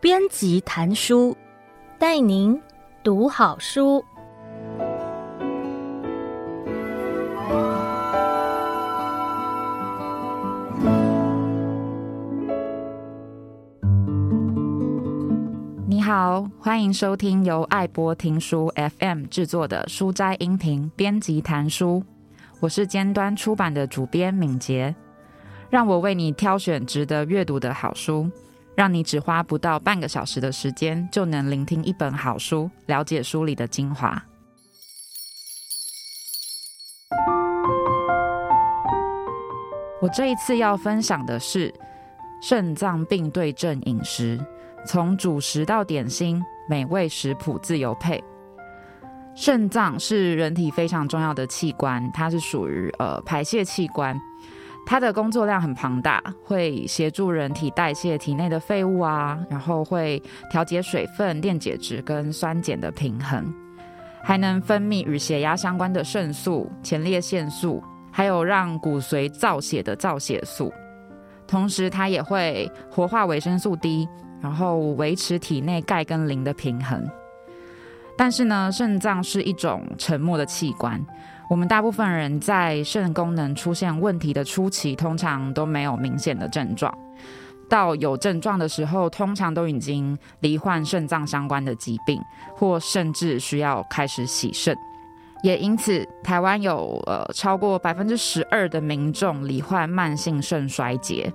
編輯談書，帶您讀好書。你好，歡迎收聽由愛播聽書 FM 製作的書齋音頻，編輯談書。我是尖端出版的主編旻潔，讓我為你挑選值得閱讀的好書，讓你只花不到半個小時的時間，就能聆聽一本好書，了解書裡的精華。我這一次要分享的是腎臟病對症飲食，從主食到點心，美味食譜自由配。腎臟是人體非常重要的器官，它是屬於呃排泄器官，它的工作量很龐大，會協助人體代謝體內的廢物啊，然後會調節水分、電解質跟酸鹼的平衡，還能分泌與血壓相關的腎素、前列腺素，還有讓骨髓造血的造血素，同時它也會活化維生素 D，然後維持體內鈣跟磷的平衡。但是呢，腎臟是一種沉默的器官。我們大部分人在腎功能出現問題的初期，通常都沒有明顯的症狀。到有症狀的時候，通常都已經罹患腎臟相關的疾病，或甚至需要開始洗腎。也因此，台灣有呃超過百分之十二的民眾罹患慢性腎衰竭，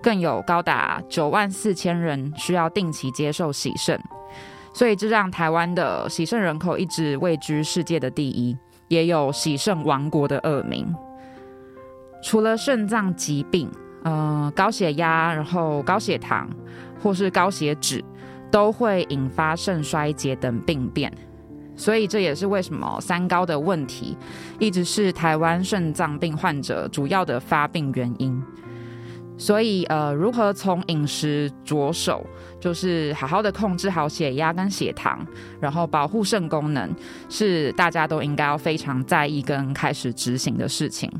更有高達九萬四千人需要定期接受洗腎。所以，這讓台灣的洗腎人口一直位居世界的第一，也有“洗腎王國”的惡名。除了腎臟疾病，嗯、呃，高血壓，然後高血糖或是高血脂，都會引發腎衰竭等病變。所以，這也是為什麼三高的問題一直是台灣腎臟病患者主要的發病原因。所以，呃，如何從飲食着手，就是好好的控制好血壓跟血糖，然後保護腎功能，是大家都應該要非常在意跟開始執行的事情。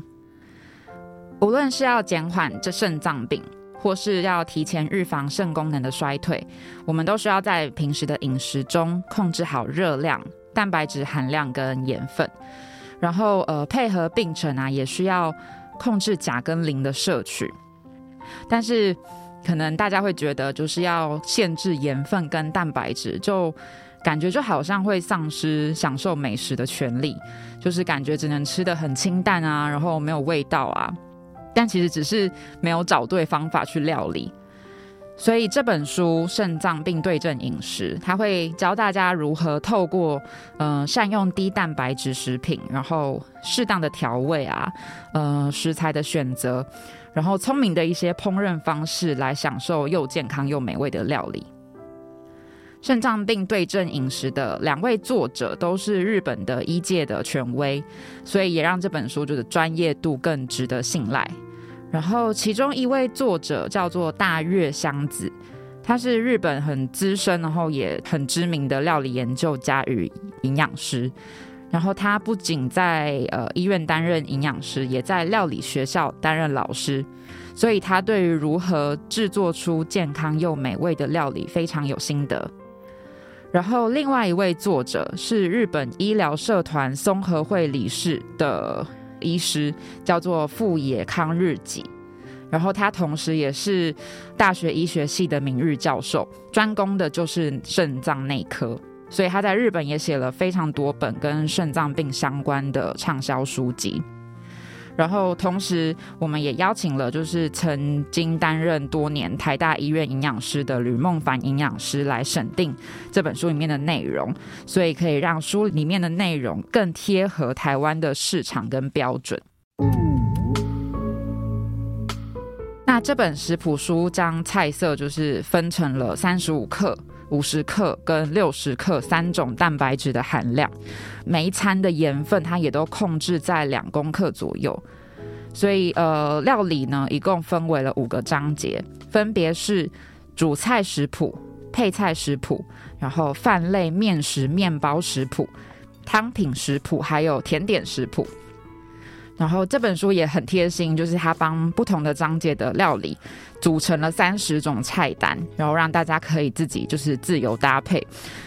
無論是要減緩這腎臟病，或是要提前預防腎功能的衰退，我們都需要在平時的飲食中控制好熱量、蛋白質含量跟鹽分，然後，呃，配合病程啊，也需要控制鉀跟磷的攝取。但是，可能大家會覺得，就是要限制鹽分跟蛋白質，就感覺就好像會喪失享受美食的權利，就是感覺只能吃得很清淡啊，然後沒有味道啊。但其實只是沒有找對方法去料理。所以這本書《腎臟病對症飲食》，它會教大家如何透過，嗯、呃，善用低蛋白質食品，然後適當的調味啊，呃，食材的選擇，然後聰明的一些烹飪方式，來享受又健康又美味的料理。腎臟病對症飲食的兩位作者都是日本的醫界的權威，所以也讓這本書就是專業度更值得信賴。然後，其中一位作者叫做大越鄉子，他是日本很資深、然後也很知名的料理研究家與營養師。然後，他不僅在呃醫院擔任營養師，也在料理學校擔任老師，所以他對於如何製作出健康又美味的料理非常有心得。然後，另外一位作者是日本醫療社團松和會理事的。醫師叫做富野康日己，然後他同時也是大學醫學系的名譽教授，專攻的就是腎臟內科，所以他在日本也寫了非常多本跟腎臟病相關的暢銷書籍。然後，同時我們也邀請了，就是曾經擔任多年台大醫院營養師的呂孟凡營養師來審定這本書裡面的內容，所以可以讓書裡面的內容更貼合台灣的市場跟標準。那這本食譜書將菜色就是分成了三十五克、五十克跟六十克三種蛋白質的含量。每一餐的鹽分它也都控制在兩公克左右。所以呃，料理呢一共分為了五個章節，分別是主菜食譜、配菜食譜，然後飯類、麵食、麵包食譜、湯品食譜，還有甜點食譜。然後這本書也很貼心，就是他幫不同的章節的料理組成了三十種菜單，然後讓大家可以自己就是自由搭配。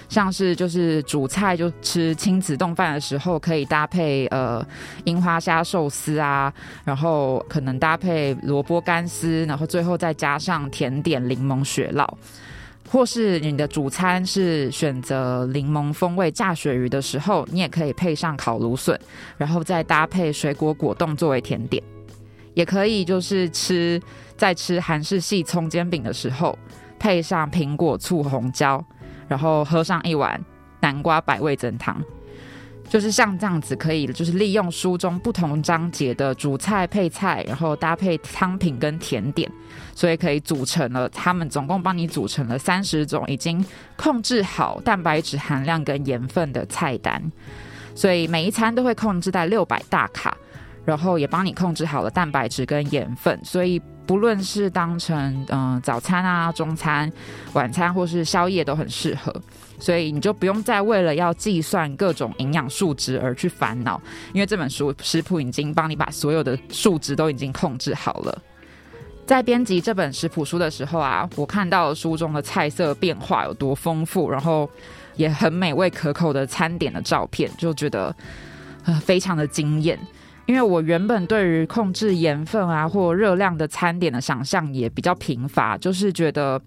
像是就是主菜，就吃親子丼飯的時候可以搭配呃櫻花蝦壽司啊，然後可能搭配蘿蔔乾絲，然後最後再加上甜點檸檬雪酪。或是你的主餐是選擇檸檬風味炸鱈魚的時候，你也可以配上烤蘆筍，然後再搭配水果果凍作為甜點。也可以就是吃在吃韓式細蔥煎餅的時候，配上蘋果醋紅椒，然後喝上一碗南瓜白味噌湯。就是像這樣子，可以就是利用書中不同章節的主菜、配菜，然後搭配湯品跟甜點，所以可以組成了他們總共幫你組成了三十種已經控制好蛋白質含量跟鹽分的菜單，所以每一餐都會控制在六百大卡，然後也幫你控制好了蛋白質跟鹽分，所以不論是當成嗯早餐啊、中餐、晚餐或是宵夜都很適合。所以你就不用再為了要計算各種營養數值而去煩惱，因為這本書食譜已經幫你把所有的數值都已經控制好了。在編輯這本食譜書的時候啊，我看到書中的菜色變化有多豐富，然後也很美味可口的餐點的照片，就覺得呃非常的驚艷。因為我原本對於控制鹽分啊或熱量的餐點的想象也比較貧乏，就是覺得。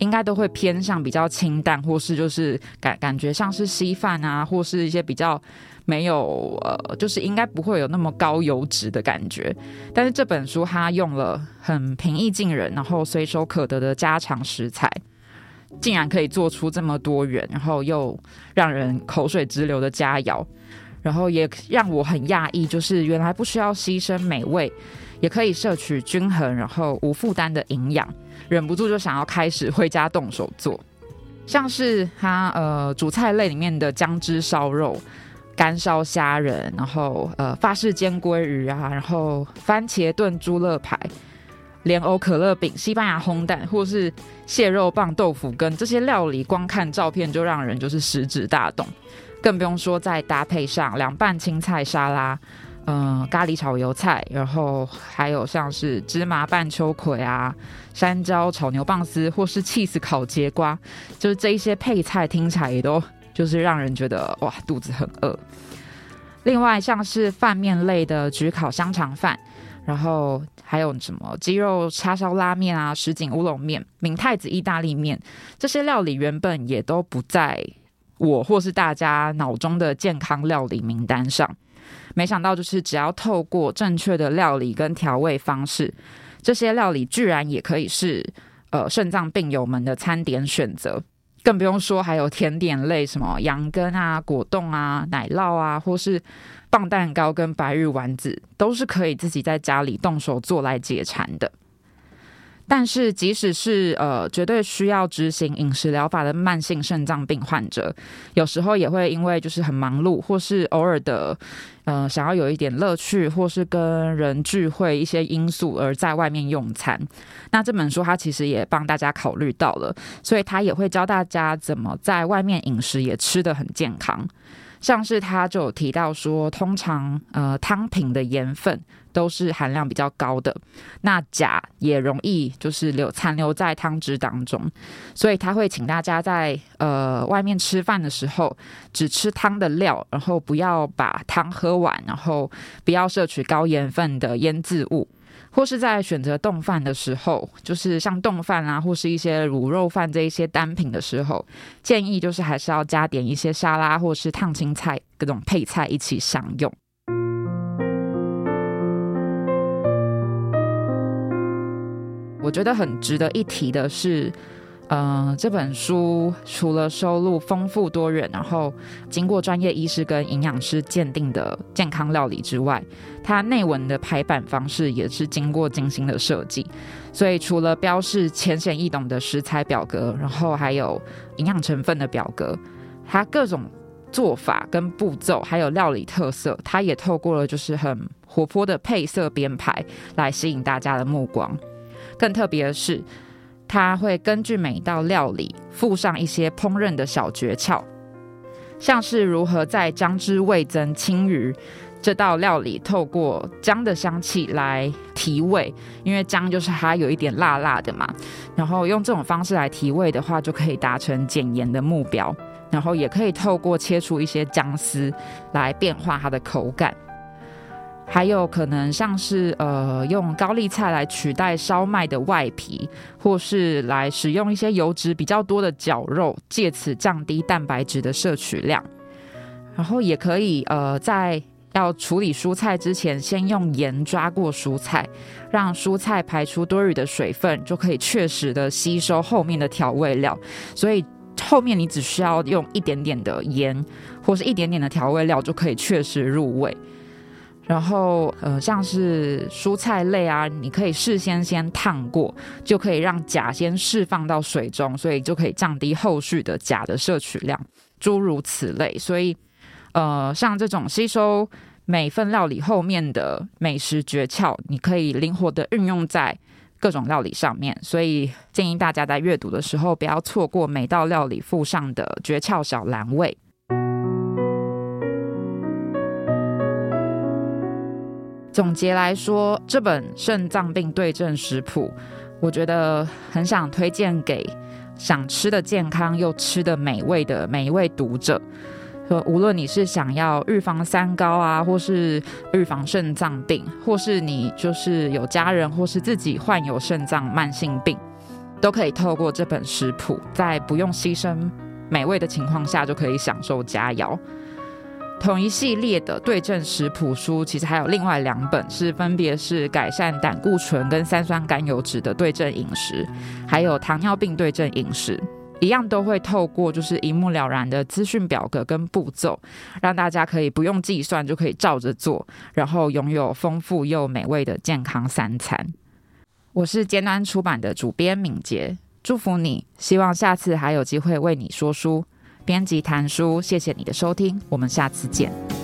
應該都會偏向比較清淡，或是就是感感覺像是稀飯啊，或是一些比較沒有呃，就是應該不會有那麼高油脂的感覺。但是這本書它用了很平易近人，然後隨手可得的家常食材，竟然可以做出這麼多元，然後又讓人口水直流的佳餚。然後也讓我很訝異，就是原來不需要犧牲美味，也可以攝取均衡，然後無負擔的營養，忍不住就想要開始回家動手做，像是它、啊、呃主菜類裡面的薑汁燒肉、乾燒蝦仁，然後呃法式煎鮭魚啊，然後番茄燉豬肋排、蓮藕可樂餅、西班牙烘蛋，或是蟹肉棒豆腐羹這些料理，光看照片就讓人就是食指大動。更不用說再搭配上涼拌青菜沙拉，嗯、呃，咖喱炒油菜，然後還有像是芝麻拌秋葵啊，山椒炒牛蒡絲，或是起司烤節瓜，就是這一些配菜聽起來也都就是讓人覺得哇肚子很餓。另外像是飯麵類的焗烤香腸飯，然後還有什麼雞肉叉燒拉麵啊，什錦烏龍麵，明太子意大利麵，這些料理原本也都不在。我或是大家腦中的健康料理名單上，沒想到就是只要透過正確的料理跟調味方式，這些料理居然也可以是呃腎臟病友們的餐點選擇。更不用說還有甜點類，什麼羊羹啊、果凍啊、奶酪啊，或是磅蛋糕跟白玉丸子，都是可以自己在家裡動手做來解饞的。但是，即使是呃，絕對需要執行飲食療法的慢性腎臟病患者，有時候也會因為就是很忙碌，或是偶爾的，嗯、呃，想要有一點樂趣，或是跟人聚會一些因素而在外面用餐。那這本書它其實也幫大家考慮到了，所以它也會教大家怎麼在外面飲食也吃得很健康。像是他就有提到說，通常呃湯品的鹽分都是含量比較高的，那鉀也容易就是留殘留在湯汁當中，所以他會請大家在呃外面吃飯的時候，只吃湯的料，然後不要把湯喝完，然後不要攝取高鹽分的醃漬物。或是在選擇丼飯的時候，就是像丼飯啊，或是一些滷肉飯這一些單品的時候，建議就是還是要加點一些沙拉，或是燙青菜，各種配菜一起享用。我覺得很值得一提的是。嗯、呃，這本書除了收錄豐富多元，然後經過專業醫師跟營養師鑑定的健康料理之外，它內文的排版方式也是經過精心的設計。所以除了標示淺顯易懂的食材表格，然後還有營養成分的表格，它各種做法跟步驟，還有料理特色，它也透過了就是很活潑的配色編排來吸引大家的目光。更特別的是，它會根據每一道料理附上一些烹飪的小訣竅，像是如何在薑汁味噌鯖魚這道料理透過薑的香氣來提味，因為薑就是它有一點辣辣的嘛。然後用這種方式來提味的話，就可以達成減鹽的目標。然後也可以透過切出一些薑絲來變化它的口感。還有可能像是呃用高麗菜來取代燒麥的外皮，或是來使用一些油脂比較多的絞肉，借此降低蛋白質的攝取量。然後也可以呃在要處理蔬菜之前，先用鹽抓過蔬菜，讓蔬菜排出多餘的水分，就可以確實的吸收後面的調味料。所以後面你只需要用一點點的鹽，或是一點點的調味料，就可以確實入味。然後，呃，像是蔬菜類啊，你可以事先先燙過，就可以讓鉀先釋放到水中，所以就可以降低後續的鉀的攝取量，諸如此類。所以，呃，像這種吸收每份料理後面的美食訣竅，你可以靈活的運用在各種料理上面。所以，建議大家在閱讀的時候不要錯過每道料理附上的訣竅小欄位。總結來說，這本腎臟病對症食譜，我覺得很想推薦給想吃的健康又吃的美味的每一位讀者。說，無論你是想要預防三高啊，或是預防腎臟病，或是你就是有家人或是自己患有腎臟慢性病，都可以透過這本食譜，在不用犧牲美味的情況下，就可以享受佳餚。同一系列的對症食譜書，其實還有另外兩本，是分別是改善膽固醇跟三酸甘油脂的對症飲食，還有糖尿病對症飲食，一樣都會透過就是一目了然的資訊表格跟步驟，讓大家可以不用計算就可以照着做，然後擁有豐富又美味的健康三餐。我是尖端出版的主編旻潔，祝福你，希望下次還有機會為你說書。編輯談書。謝謝你的收聽，我們下次見。